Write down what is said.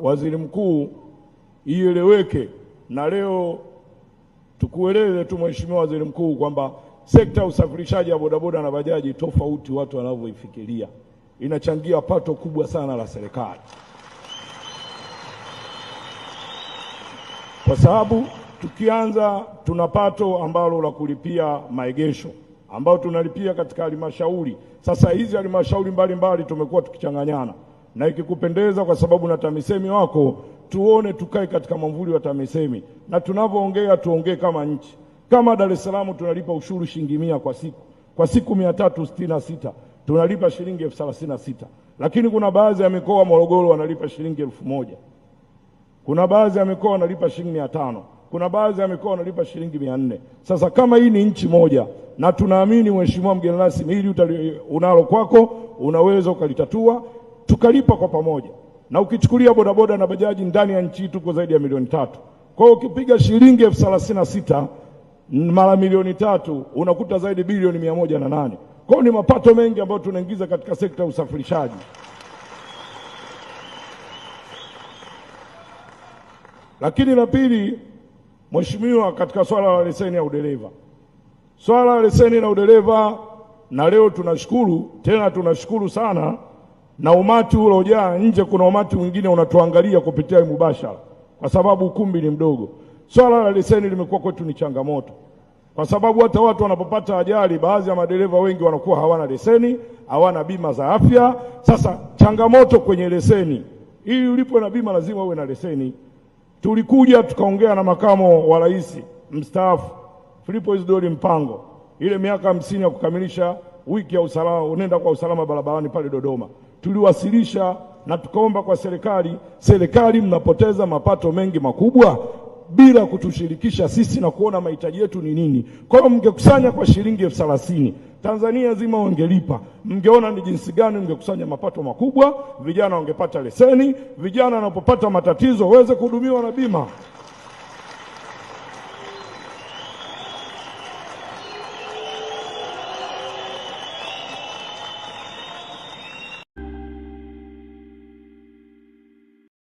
waziri mkuu ieleweke, na leo tukueleze tu Mheshimiwa Waziri Mkuu kwamba sekta ya usafirishaji wa bodaboda na bajaji, tofauti watu wanavyoifikiria, inachangia pato kubwa sana la serikali, kwa sababu tukianza tuna pato ambalo la kulipia maegesho ambayo tunalipia katika halmashauri. Sasa hizi halmashauri mbalimbali tumekuwa tukichanganyana na ikikupendeza, kwa sababu na TAMISEMI wako, tuone tukae katika mwamvuli wa TAMISEMI na tunavyoongea tuongee kama nchi. Kama Dar es Salaam tunalipa ushuru shilingi mia kwa siku, kwa siku mia tatu sitini na sita tunalipa shilingi elfu thelathini na sita lakini kuna baadhi ya mikoa Morogoro wanalipa shilingi elfu moja kuna baadhi ya mikoa wanalipa shilingi mia tano kuna baadhi ya mikoa wanalipa shilingi mia nne Sasa kama hii ni nchi moja, na tunaamini Mheshimiwa mgeni rasmi, hili unalo kwako, unaweza ukalitatua tukalipa kwa pamoja, na ukichukulia bodaboda na bajaji ndani ya nchi tuko zaidi ya milioni tatu. Kwa hiyo ukipiga shilingi elfu thelathini na sita mara milioni tatu unakuta zaidi bilioni mia moja na nane. Kwa hiyo ni mapato mengi ambayo tunaingiza katika sekta ya usafirishaji. Lakini la pili, Mheshimiwa, katika swala la leseni ya udereva, swala la leseni na udereva, na leo tunashukuru tena, tunashukuru sana na umati uliojaa nje, kuna umati mwingine unatuangalia kupitia mubashara, kwa sababu ukumbi ni mdogo. Swala la leseni limekuwa kwetu ni changamoto, kwa sababu hata watu wanapopata ajali, baadhi ya madereva wengi wanakuwa hawana leseni, hawana bima za afya. Sasa changamoto kwenye leseni, ili ulipo na bima lazima uwe na leseni. Tulikuja tukaongea na makamo wa rais mstaafu Filipo Isidori Mpango, ile miaka hamsini ya kukamilisha wiki ya usalama, unaenda kwa usalama barabarani pale Dodoma tuliwasilisha na tukaomba kwa serikali, serikali, mnapoteza mapato mengi makubwa bila kutushirikisha sisi na kuona mahitaji yetu ni nini. Kwa hiyo mngekusanya kwa shilingi elfu thelathini Tanzania nzima wangelipa, mngeona ni jinsi gani mngekusanya mapato makubwa, vijana wangepata leseni, vijana wanapopata matatizo waweze kuhudumiwa na bima.